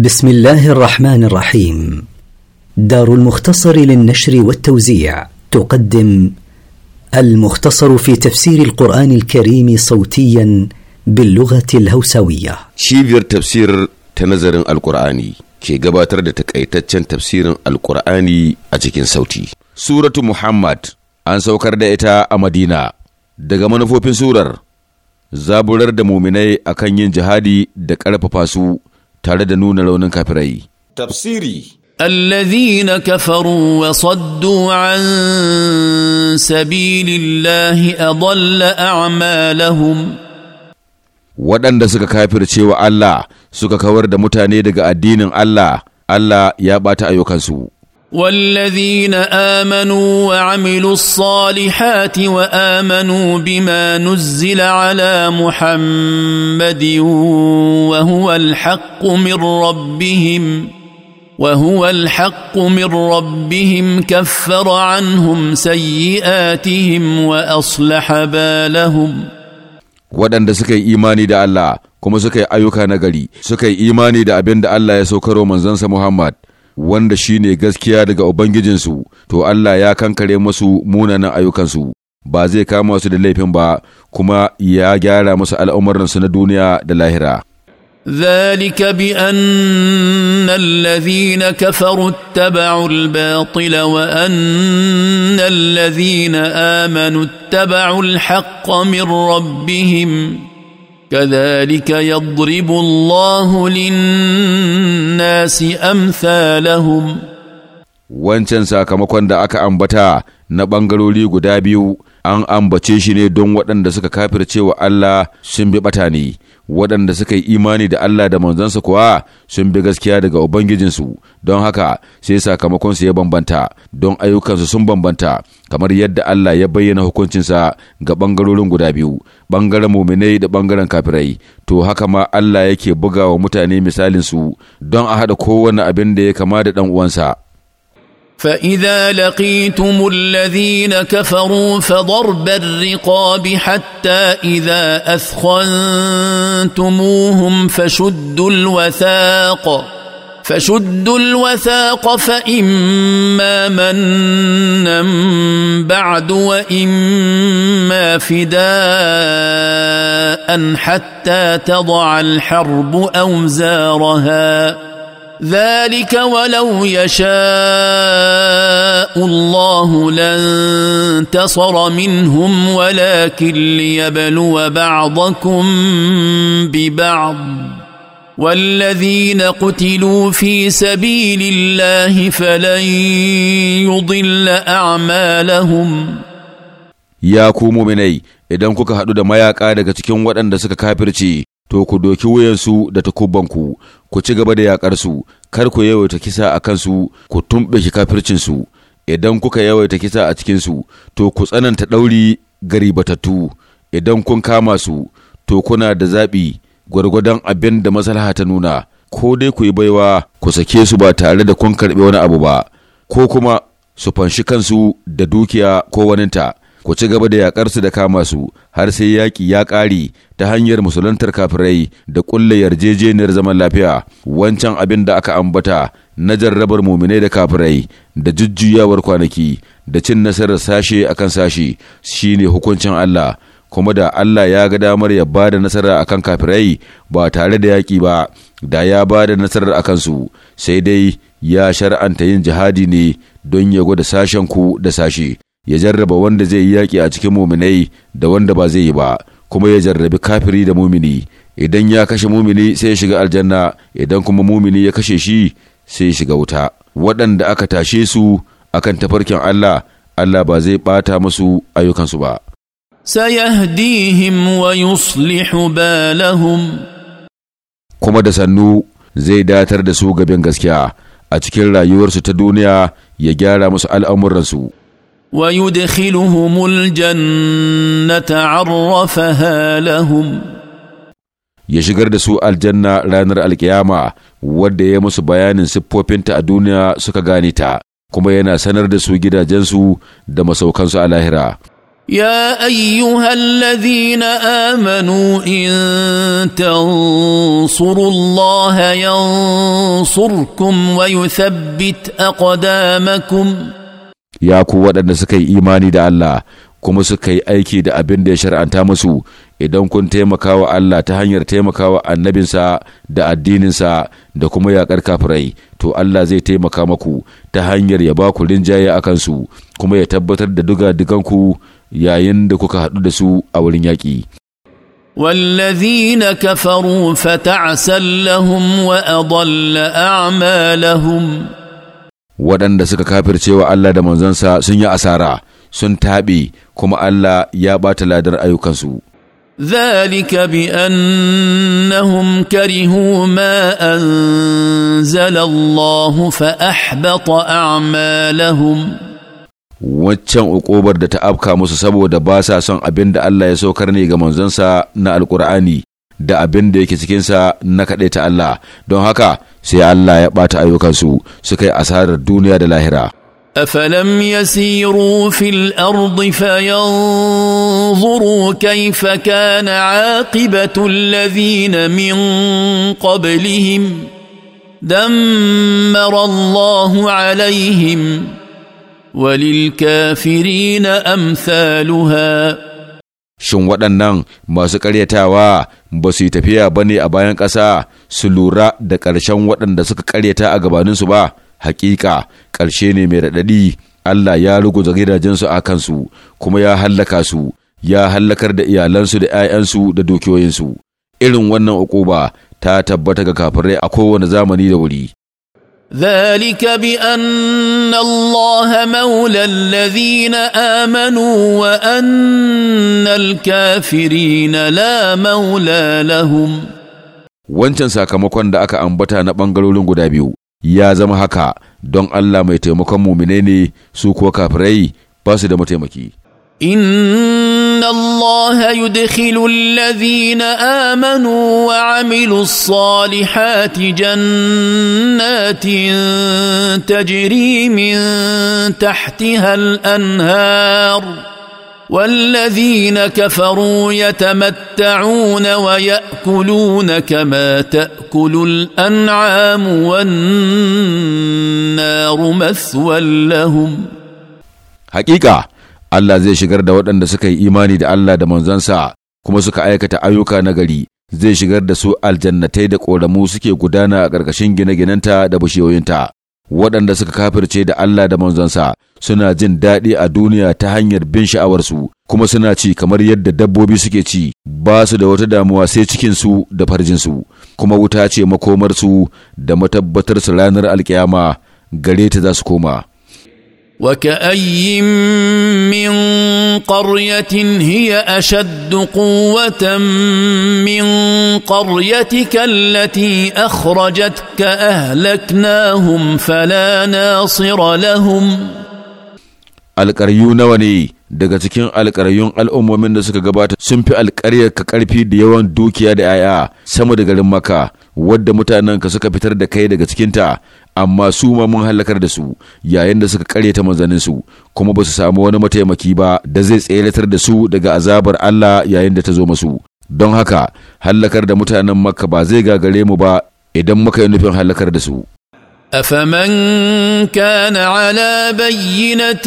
بسم الله الرحمن الرحيم دار المختصر للنشر والتوزيع تقدم المختصر في تفسير القرآن الكريم صوتيا باللغة الهوسوية شيفير تفسير تنظر القرآني كي قباتر تكأيتتشن تفسير القرآني أجيكين صوتي سورة محمد أن سوكر دائتا أمدينة دقمان فوبين سورر زابولر da muminai akan yin jihadi tare da nuna raunin kafirai. Tafsiri الذين كفروا وصدوا عن sabilillahi الله أضل amalahum. waɗanda suka kafirce wa Allah suka kawar da mutane daga addinin Allah, Allah ya ɓata ayyukansu. والذين امنوا وعملوا الصالحات وامنوا بما نزل على محمد وهو الحق من ربهم وهو الحق من ربهم كفر عنهم سيئاتهم واصلح بالهم ودن سكي ايماني الله كما سكي ايوكا نغري سكي ايماني دا ابن الله يسوكرو منزنس محمد wanda shine gaskiya daga ubangijinsu to Allah ya kankare musu munanan ayyukansu ba zai kama su da laifin ba kuma ya gyara musu al'umarninsu na duniya da lahira ذلك بان الذين كفروا اتبعوا الباطل وان الذين امنوا اتبعوا الحق من ربهم كذلك يضرب الله للناس أمثالهم wancan sakamakon da aka ambata na ɓangarori guda biyu an ambace shi ne don waɗanda suka kafirce Allah sun bi ɓata ne waɗanda suka yi imani da Allah da manzansa kuwa sun bi gaskiya daga Ubangijinsu, don haka sai sakamakonsu ya bambanta, don ayyukansu sun bambanta, kamar yadda Allah ya bayyana hukuncinsa ga ɓangarorin guda biyu, ɓangaren muminai da ɓangaren kafirai, to haka ma Allah yake buga wa mutane misalinsu don a haɗa kowane abin da ya kama da ɗan uwansa. فاذا لقيتم الذين كفروا فضرب الرقاب حتى اذا اثخنتموهم فشدوا الوثاق فشدوا الوثاق فاما منا بعد واما فداء حتى تضع الحرب اوزارها ذلك ولو يشاء الله لانتصر منهم ولكن ليبلو بعضكم ببعض والذين قتلوا في سبيل الله فلن يضل اعمالهم ya ku muminai idan kuka haɗu da mayaƙa daga cikin waɗanda suka kafirce to ku doki wuyansu da takubanku, ku ci gaba da yaƙarsu, kar ku yawaita kisa a kansu, ku tumɓe shi kafircinsu, idan kuka yawaita kisa a cikinsu, to ku tsananta ɗauri batattu idan kun kama su, to kuna da zaɓi gwargwadon abin da maslaha ta nuna, ko dai ku yi baiwa ku sake su ba tare da kun karɓi wani abu ba, ko kuma su fanshi kansu da dukiya ko waninta. ku ci gaba da yakar su da kama su har sai yaki ya ƙare ta hanyar musulantar kafirai da ƙulla yarjejeniyar zaman lafiya wancan abin da aka ambata na jarrabar muminai da kafirai da jujjuyawar kwanaki da cin nasarar sashe akan sashe shine hukuncin Allah kuma da Allah ya ga damar ya bada nasara akan kafirai ba tare da yaƙi ba da ya ba da nasarar akan su sai dai ya shar'anta yin jihadi ne don ya gwada sashen ku da sashe ya jarraba wanda zai yi yaƙi a cikin muminai da wanda ba zai yi ba kuma ya jarrabi kafiri da mumini idan ya kashe mumini sai ya shiga aljanna idan kuma mumini ya kashe shi sai ya shiga wuta waɗanda aka tashe su akan tafarkin Allah Allah ba zai ɓata musu ayyukansu ba sayahdihim wa yuslihu balahum kuma da sannu zai datar da su gaben gaskiya a cikin rayuwarsu ta duniya ya gyara musu al'amuransu ويدخلهم الجنة عرفها لهم ya shigar da su aljanna ranar alkiyama wadda ya musu bayanin siffofinta a duniya suka gane ta kuma yana sanar da su gidajensu da masaukansu a lahira يا ايها Amanu in ان تنصروا الله wa ويثبت اقدامكم ya ku waɗanda suka yi imani da Allah kuma suka yi aiki da abin da ya shar'anta musu idan kun taimaka wa Allah ta hanyar taimaka wa annabinsa da addininsa da kuma yaƙar kafirai to Allah zai taimaka maku ta hanyar ya ba ku rinjaye a kansu kuma ya tabbatar da duga dukanku yayin da kuka haɗu da su a wurin yaƙi. والذين كفروا فتعسل لهم وأضل أعمالهم waɗanda suka cewa Allah da manzonsa sun yi asara sun taɓe kuma Allah ya ɓata ladar ayyukansu. ذلك بأنهم كرهوا ما fa الله فأحبط أعمالهم waccan uƙobar da ta afka musu saboda ba sa son abin da Allah ya saukar ne ga manzansa na alƙur'ani da abin da yake cikinsa na kaɗai ta Allah don haka sai Allah ya ɓata ayyukansu suka yi asarar duniya da lahira. أفلم يسيروا في الأرض فينظروا كيف كان عاقبة الذين من قبلهم دمر الله عليهم وللكافرين أمثالها shin waɗannan masu ƙaryatawa ba su yi tafiya ba ne a bayan ƙasa su lura da ƙarshen waɗanda suka karyata a gabaninsu ba Haƙiƙa ƙarshe ne mai raɗaɗi Allah ya ruguza gidajensu a kansu kuma ya hallaka su ya hallakar da iyalansu da 'ya'yansu da dukiyoyinsu irin wannan uquba ta tabbata ga kafirai a kowane zamani da wuri ذلك بان الله مولى الذين امنوا وان الكافرين لا مولى لهم wancan sakamakon da aka ambata na ɓangarorin guda biyu ya zama haka don Allah mai taimakon mumine ne su kuwa kafirai ba su da mataimaki. الله يدخل الذين امنوا وعملوا الصالحات جنات تجري من تحتها الانهار والذين كفروا يتمتعون وياكلون كما تاكل الانعام والنار مثوى لهم حقيقه Allah zai shigar da waɗanda suka yi imani da Allah da manzansa kuma suka aikata ayyuka nagari zai shigar da su aljannatai da ƙoramu suke gudana a ƙarƙashin gine-ginenta da bishiyoyinta. Waɗanda suka kafirce da Allah da manzansa suna jin daɗi a duniya ta hanyar bin sha'awarsu kuma suna ci kamar yadda dabbobi suke ci ba su da wata damuwa sai cikinsu da farjinsu kuma wuta ce makomarsu da matabbatar su ranar alkiyama gare ta za su koma. وكاين من قريه هي اشد قوه من قريتك التي اخرجتك اهلكناهم فلا ناصر لهم alƙaryu nawa ne daga cikin alƙaryun al'ummomin da suka gabata sun fi alƙaryar ka ƙarfi da yawan dukiya da 'ya'ya sama da garin maka wadda mutanenka suka fitar da kai daga cikinta amma su ma mun halakar da su yayin da suka kare karyata su kuma ba su samu wani mataimaki ba da zai tseratar da su daga azabar Allah yayin da ta zo masu don haka halakar da mutanen makka ba zai gagare mu ba idan muka yi nufin halakar da su افمن كان على بينه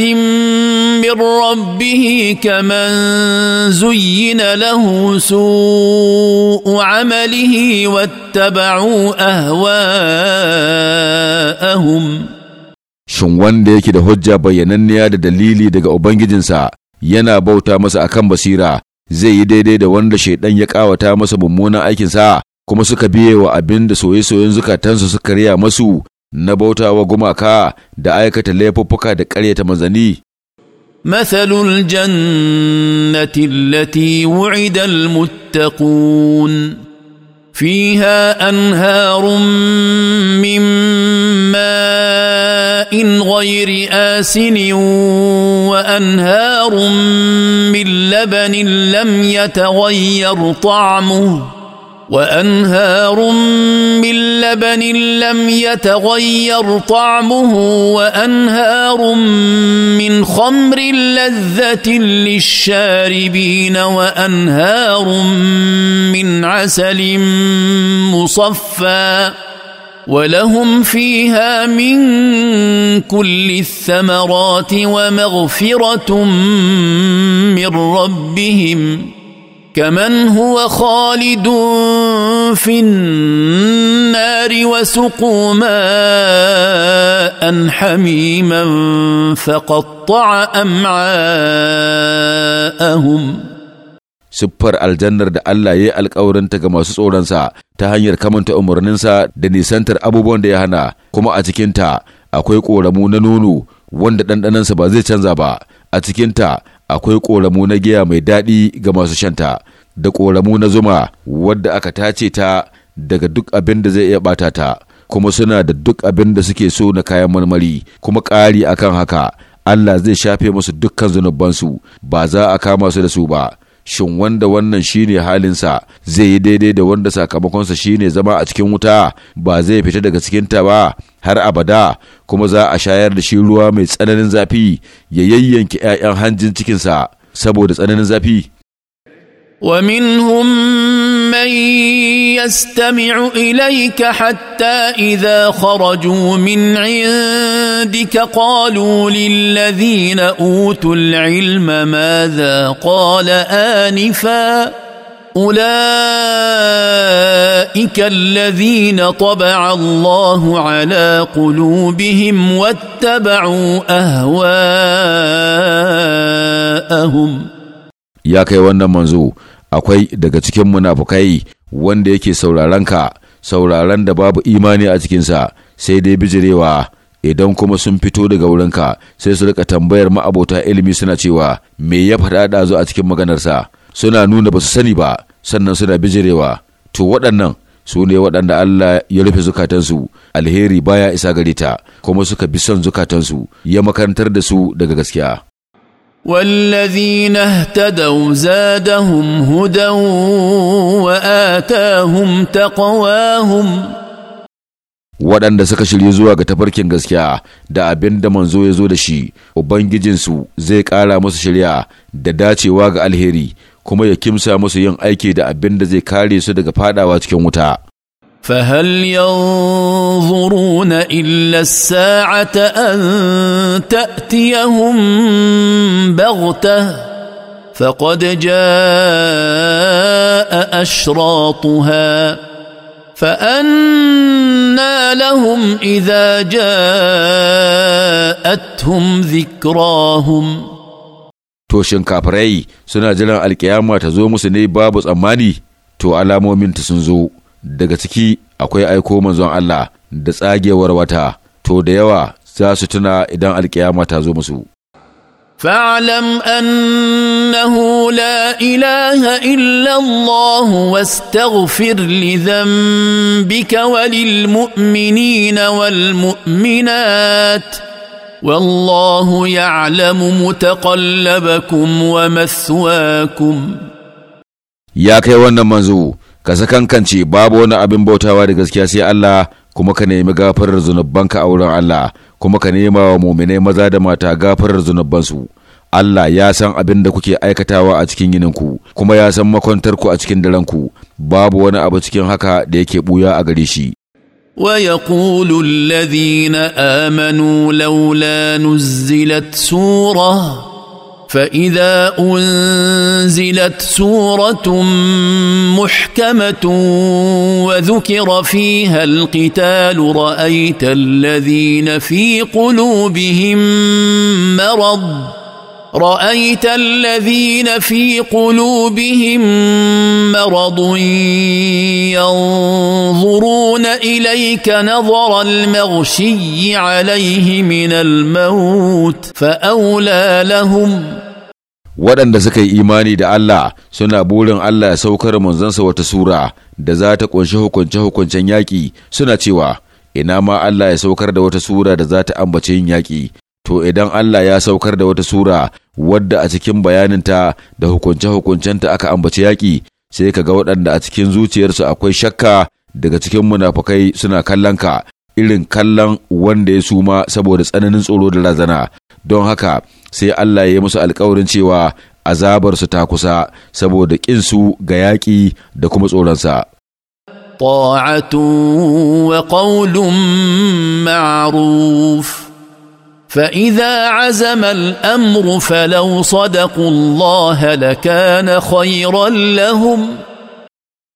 من ربه كمن زين له سوء عمله واتبعوا اهواءهم shin wanda yake da hujja bayyananniya da dalili daga ubangijinsa yana bauta masa akan basira zai yi daidai da wanda shaidan ya kawata masa mummunan aikinsa kuma suka biye wa abin da soye-soyen zukatansu suka riya masu na bautawa gumaka da aikata laifuffuka da ƙaryata mazani. Mathalul jannati allati wu'ida al-muttaqun fiha anharun min ma'in ghayri asinin wa anharun min labanin lam yataghayyar ta'muhu وانهار من لبن لم يتغير طعمه وانهار من خمر لذه للشاربين وانهار من عسل مصفى ولهم فيها من كل الثمرات ومغفره من ربهم كمن هو خالد في النار وسقوا ماء حميما فقطع امعاءهم siffar aljannar da Allah ya yi alkawarinta ga masu tsoronsa ta hanyar kamanta umarninsa da nisantar abubuwan da ya hana kuma a cikinta akwai ƙoramu na nono wanda ɗanɗanansa ba zai canza ba a cikinta akwai ƙoramu na giya mai daɗi ga masu shanta da ƙoramu na zuma wadda aka tace ta daga duk abin da zai iya ɓata ta kuma suna da duk abin da suke so na kayan marmari kuma ƙari akan haka Allah zai shafe musu dukkan zunubansu ba za a kama su da su ba shin wanda wannan shine halinsa zai yi daidai da wanda sakamakonsa shine zama a cikin wuta ba zai fita daga cikin ta ba har abada kuma za a shayar da shi ruwa mai tsananin zafi ya yayyanke 'ya'yan hanjin cikinsa saboda tsananin zafi ومنهم من يستمع اليك حتى اذا خرجوا من عندك قالوا للذين اوتوا العلم ماذا قال anifa. اولئك الذين طبع الله على قلوبهم واتبعوا اهواءهم ya kai wannan manzo akwai daga cikin munafukai wanda yake sauraron ka sauraron da babu imani a cikinsa sai dai bijirewa idan kuma sun fito daga wurinka sai su rika tambayar ma'abota ilimi suna cewa me ya faɗa ɗazu a cikin maganarsa suna nuna ba su sani ba sannan suna bijirewa to waɗannan su ne waɗanda Allah ya rufe zukatansu alheri baya isa gare ta kuma suka bi son zukatansu ya makarantar da su daga gaskiya والذين اهتدوا زادهم هدى وآتاهم تقواهم waɗanda suka shirya zuwa ga tafarkin gaskiya da abin da manzo ya zo da shi ubangijinsu zai ƙara musu shirya da dacewa ga alheri kuma ya kimsa musu yin aiki da abin da zai kare su daga fadawa cikin wuta. فهل ينظرون إلا الساعة أن تأتيهم بغتة فقد جاء أشراطها فأنى لهم إذا جاءتهم ذكراهم ۖ to shin suna jiran alkiyama ta zo musu ne babu tsammani to alamomin ta sun zo daga ciki akwai aiko manzon Allah da tsagewar wata to da yawa za su tuna idan alkiyama ta zo musu فاعلم انه لا اله الا الله واستغفر لذنبك وللمؤمنين والمؤمنات والله يعلم متقلبكم ومثواكم ya kai wannan manzo ka sakankance babu wani abin bautawa da gaskiya sai Allah kuma ka nemi gafarar zunubanka a wurin Allah kuma ka nema wa muminai maza da mata gafarar zunubansu Allah ya san abin da kuke aikatawa a cikin yininku kuma ya san makwantarku a cikin ku babu wani abu cikin haka da yake buya a gare shi ويقول الذين امنوا لولا نزلت سوره فاذا انزلت سوره محكمه وذكر فيها القتال رايت الذين في قلوبهم مرض رايت الذين في قلوبهم مرض ينظرون اليك نظر المغشي عليه من الموت فاولى لهم waɗanda suka yi imani da Allah suna burin Allah ya saukar manzansa wata sura da za ta ƙunshi hukunce-hukuncen yaƙi suna cewa ina ma Allah ya saukar da wata sura da za ta ambace yin yaƙi to idan Allah ya saukar da wata sura wadda a cikin bayaninta da hukunce-hukuncenta aka ambaci yaƙi sai ka ga waɗanda a cikin zuciyarsu akwai shakka daga cikin munafukai suna kallon ka irin kallon wanda ya suma saboda tsananin tsoro da razana don haka sai Allah ya musu alkawarin cewa azabarsu ta kusa saboda ƙinsu ga yaƙi da kuma tsoronsa. طاعة وقول معروف فإذا عزم الأمر فلو صدقوا الله لكان خيرا لهم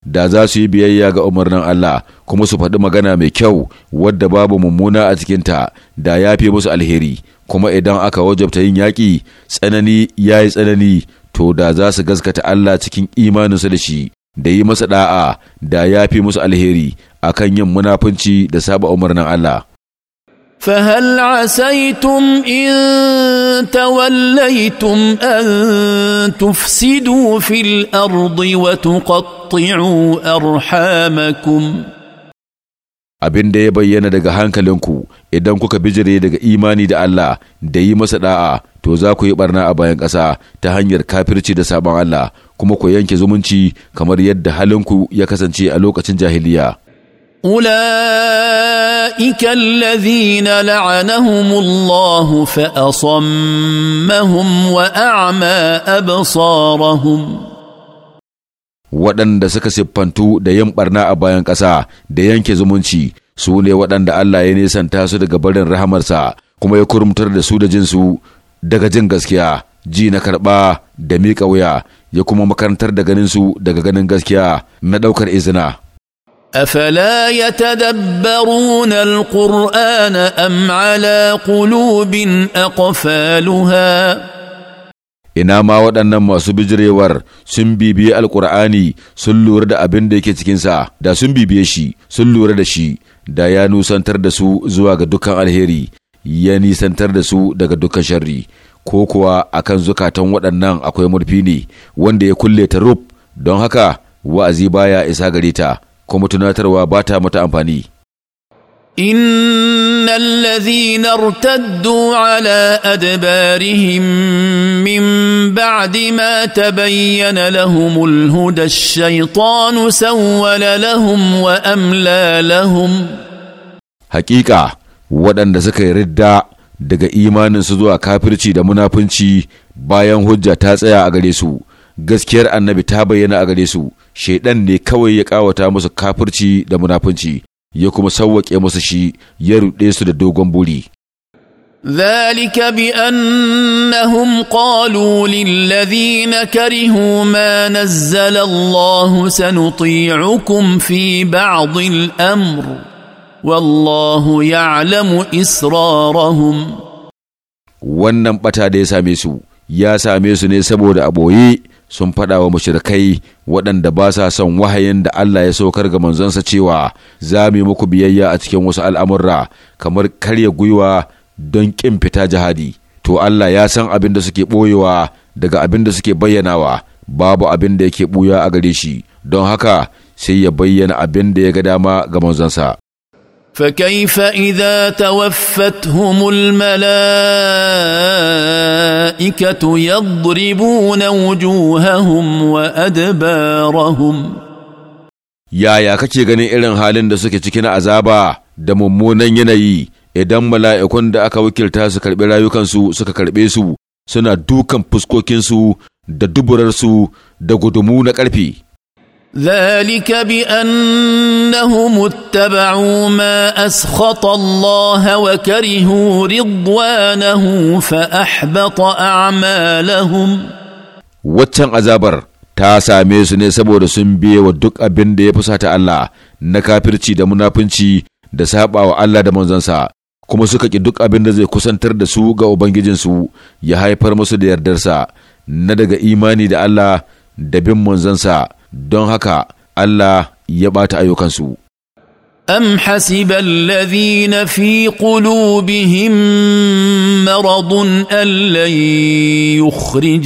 da za su yi biyayya ga umarnin Allah kuma su faɗi magana mai kyau wadda babu mummuna a cikinta da ya fi musu alheri kuma idan aka wajabta yin yaƙi tsanani ya yi tsanani to da za su gaskata Allah cikin imaninsu da shi da yi masa da'a da ya fi musu alheri akan yin munafunci da saba umarnin Allah فهل عسيتم ان توليتم ان تفسدوا في الارض وتقطعوا ارحامكم abin da ya bayyana daga hankalinku idan kuka bijire daga imani da Allah da yi masa da'a to za ku yi barna a bayan ƙasa ta hanyar kafirci da sabon Allah kuma ku yanke zumunci kamar yadda halinku ya kasance a lokacin jahiliya اولئك الذين لعنهم الله فاصمهم واعمى ابصارهم waɗanda suka siffantu da yin ɓarna a bayan ƙasa da yanke zumunci su ne waɗanda Allah ya nisanta su daga barin rahamarsa kuma ya kurmutar da su da jinsu daga jin gaskiya ji na karɓa da miƙa wuya ya kuma makarantar da ganinsu daga ganin gaskiya na ɗaukar izina افلا يتدبرون القران ام على قلوب اقفالها ina ma waɗannan masu bijirewar sun bibiye alkur'ani sun lura da abin da yake cikinsa da sun bibiye shi sun lura da shi da ya nusantar da su zuwa ga dukkan alheri ya nisantar da su daga dukkan sharri ko kuwa akan zukatan waɗannan akwai murfi ne wanda ya kulle ta rub don haka wa'azi baya isa gare ta kuma tunatarwa ba ta mata amfani. Inna allazi na rutaddu ala adabarihim min ba'adi ma ta bayyana lahum ulhu da shaitanu sauwala lahum wa amla lahum. Hakika waɗanda suka yi ridda daga imaninsu zuwa kafirci da munafunci bayan hujja ta tsaya a gare su gaskiyar annabi ta bayyana a gare su shaidan ne kawai ya kawata musu kafirci da munafunci ya kuma sawwaƙe musu shi ya ruɗe su da dogon buri ذلك بأنهم قالوا للذين كرهوا ما نزل الله سنطيعكم في بعض الأمر والله يعلم إسرارهم wannan ɓata da ya same su ya same su ne saboda sun faɗa wa mushrikai waɗanda ba sa son wahayin da Allah ya saukar ga manzonsa cewa za mu yi muku biyayya a cikin wasu al'amurra kamar karya gwiwa don ƙin fita jihadi to Allah ya san abin da suke ɓoyewa daga abin da suke bayyanawa babu abin da yake ɓuya a gare shi don haka sai ya bayyana abin da ya ga dama ga manzonsa فكيف اذا توفتهم الملائكه يضربون وجوههم وادبارهم yaya kake ganin irin halin da suke cikin azaba da mummunan yanayi idan mala'ikun da aka wakilta su karɓi rayukansu suka karɓe su suna dukan fuskokinsu da duburarsu da gudumu na karfe ذلك بانهم اتبعوا ما اسخط الله وكرهوا رضوانه فاحبط اعمالهم waccan azabar ta same su ne saboda sun biye wa duk abin da ya fusata Allah na kafirci da munafunci da saba wa Allah da manzansa kuma suka ƙi duk abin da zai kusantar da su ga ubangijinsu ya haifar musu da yardarsa na daga imani da Allah da bin manzansa don haka Allah ya ɓata ayyukansu. أم حسب الذين في قلوبهم مرض أن لن يخرج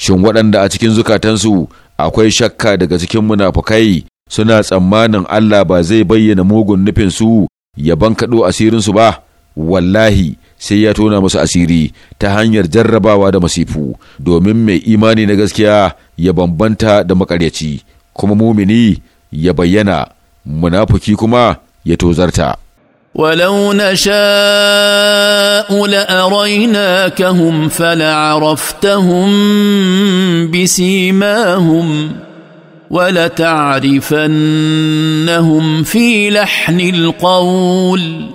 Shin waɗanda a cikin zukatansu akwai shakka daga cikin munafukai suna tsammanin Allah ba zai bayyana mugun nufinsu ya bankaɗo asirinsu ba, wallahi sai ya tona musu asiri ta hanyar jarrabawa da masifu domin mai imani na gaskiya ya bambanta da makaryaci kuma mumini ya bayyana munafuki kuma ya tozarta ولو نشاء لأريناكهم فلعرفتهم بسيماهم ولتعرفنهم في لحن القول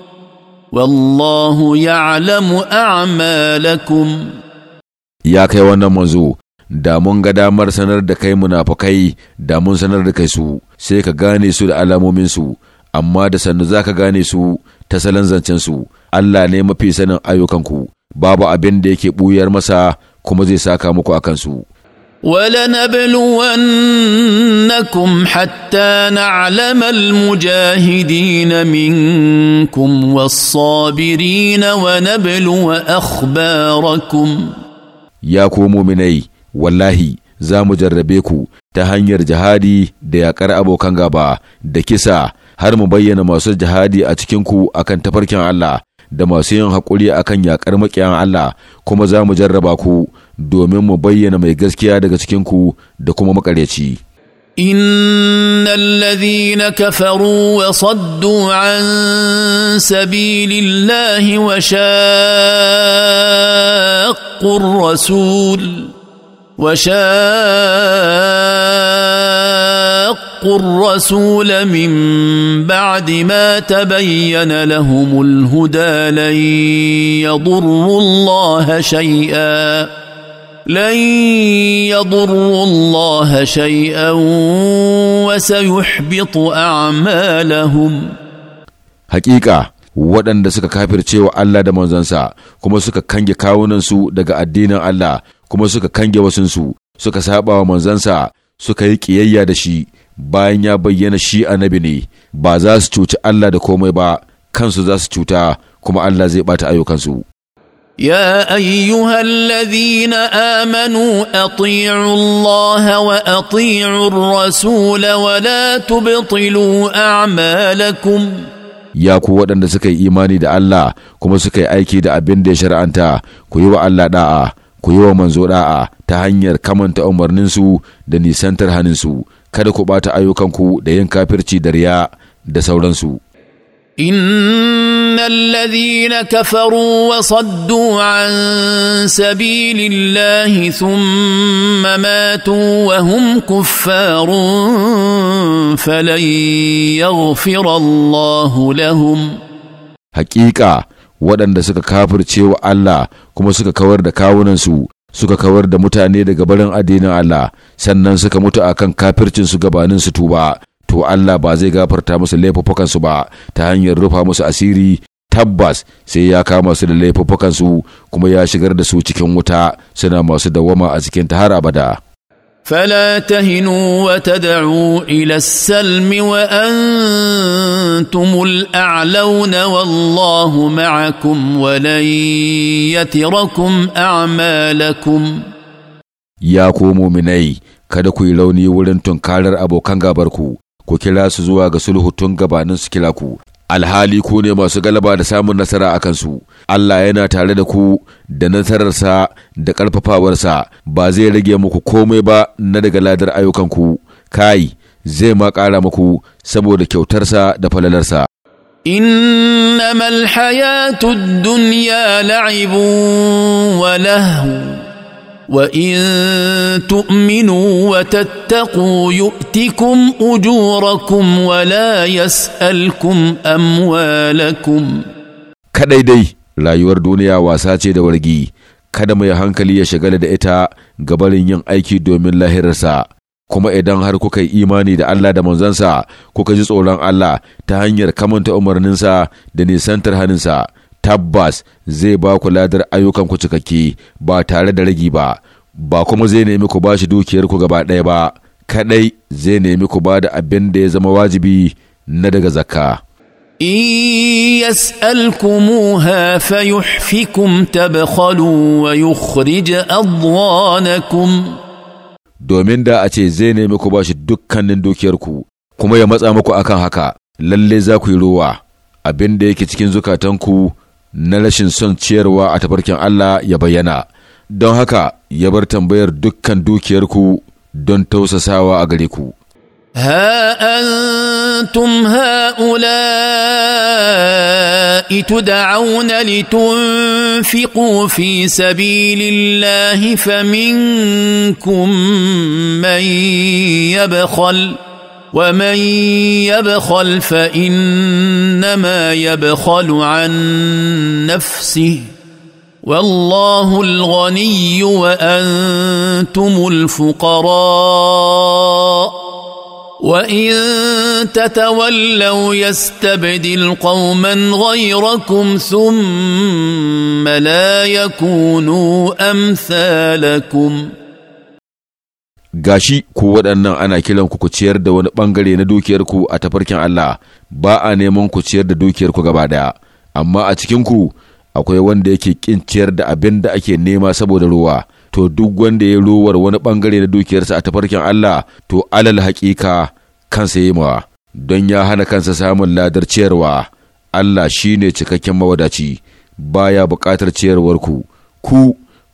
والله يعلم أعمالكم Ya kai wannan manzo da mun ga damar sanar da kai munafukai da mun sanar da kai su sai ka gane su da alamomin su amma da sannu za ka gane su ta salon zancen su Allah ne mafi sanin ayyukanku babu abin da yake buyar masa kuma zai saka muku a kansu. ولنبلونكم حتى نعلم المجاهدين منكم والصابرين ونبلو اخباركم يا كومو والله za mu jarrabe ku ta hanyar jihadi da yaƙar abokan gaba da kisa har mu bayyana masu jihadi a cikinku akan tafarkin Allah da masu yin haƙuri akan yaƙar maƙiyan Allah kuma za mu jarraba ku domin mu bayyana mai gaskiya daga cikinku da kuma makaryaci. ان الذين كفروا وصدوا عن سبيل الله وشاقوا الرسول وشاقوا الرسول من بعد ما تبين لهم الهدى لن يضروا الله شيئا لن يضروا الله شيئا وسيحبط أعمالهم حقيقة waɗanda suka kafirce wa Allah da manzansa kuma suka kange kawunansu daga addinin Allah kuma suka kange wasunsu suka saba wa manzansa suka yi ƙiyayya da shi bayan ya bayyana shi annabi ne ba za su cuci Allah da komai ba kansu za su cuta kuma Allah zai ɓata ayyukansu. يا ايها الذين امنوا اطيعوا الله واطيعوا الرسول ولا تبطلوا اعمالكم ya ku waɗanda suka yi imani da Allah kuma suka yi aiki da abin da ya shari'anta ku yi wa Allah da'a ku yi wa manzo da'a ta hanyar kamanta umarninsu da nisantar haninsu kada ku ɓata ayyukanku da yin kafirci da riya da sauransu ان الذين كفروا وصدوا عن سبيل الله ثم ماتوا وهم كفار فلن يغفر الله لهم حقيقه waɗanda suka kafirce wa Allah kuma suka kawar da kawunansu suka kawar da mutane daga barin addinin Allah sannan suka mutu akan kafircin su gabanin su tuba to Allah ba zai gafarta musu laifuffukansu ba ta hanyar rufa musu asiri tabbas sai ya kama su da su kuma ya shigar da su cikin wuta suna masu dawama a cikin ta har abada. فلا تهنوا وتدعوا إلى السلم وأنتم الأعلون والله معكم ولن يتركم أعمالكم يا قوم مني kada ku yi rauni wurin tunkarar abokan gabarku ku kira su zuwa ga sulhu tun gabanin su kira ku alhali ku ne masu galaba da samun nasara a kansu Allah yana tare da ku da nasararsa da ƙarfafawarsa ba zai rage muku komai ba na daga ladar ayyukanku kai zai ma ƙara muku saboda kyautarsa da falalarsa إنما duniya الدنيا لعب ولهو وان تؤمنوا وتتقوا يؤتكم اجوركم ولا يسالكم اموالكم kadai dai rayuwar duniya wasa ce da wargi kada mai hankali ya shagala da ita gabarin yin aiki domin lahirarsa kuma idan har kuka yi imani da Allah da manzansa kuka ji tsoron Allah ta hanyar kamanta umarninsa da nisantar haninsa tabbas zai ba ku ladar ayyukan ku cikakke ba tare da ragi ba ba kuma zai nemi ku bashi dukiyar ku gaba ɗaya ba kadai zai nemi ku ba da abin da ya zama wajibi na daga zakka fayuhfikum tabkhalu wa yukhrij adwanakum domin da a ce zai nemi ku bashi dukkanin dukiyar ku kuma ya matsa muku akan haka lalle za ku yi ruwa abin da yake cikin zukatanku na rashin son ciyarwa a tafarkin Allah ya bayyana, don haka ya bar tambayar dukkan dukiyarku don tausasawa a gare ku. ها انتم هؤلاء تدعون لتنفقوا sabilillahi, سبيل الله فمنكم من يبخل ومن يبخل فانما يبخل عن نفسه والله الغني وانتم الفقراء وان تتولوا يستبدل قوما غيركم ثم لا يكونوا امثالكم gashi ko waɗannan ana kiran ku ku ciyar da wani ɓangare na dukiyarku a tafarkin Allah ba a neman ku ciyar da dukiyarku gaba ɗaya amma a cikinku akwai wanda yake ƙin ciyar da abin da ake nema saboda ruwa to duk wanda ya rowar wani ɓangare na dukiyarsa a tafarkin Allah to alal haƙiƙa kansa yi mawa don ya hana kansa samun ladar ciyarwa Allah shine cikakken mawadaci baya buƙatar ciyarwar ku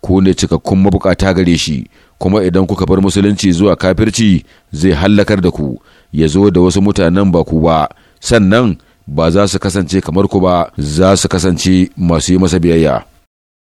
ku ne cikakkun mabukata gare shi kuma idan kuka bar musulunci zuwa kafirci zai hallakar da ku ya zo da wasu mutanen ba ku ba sannan ba za su kasance kamar ku ba za su kasance masu yi masa biyayya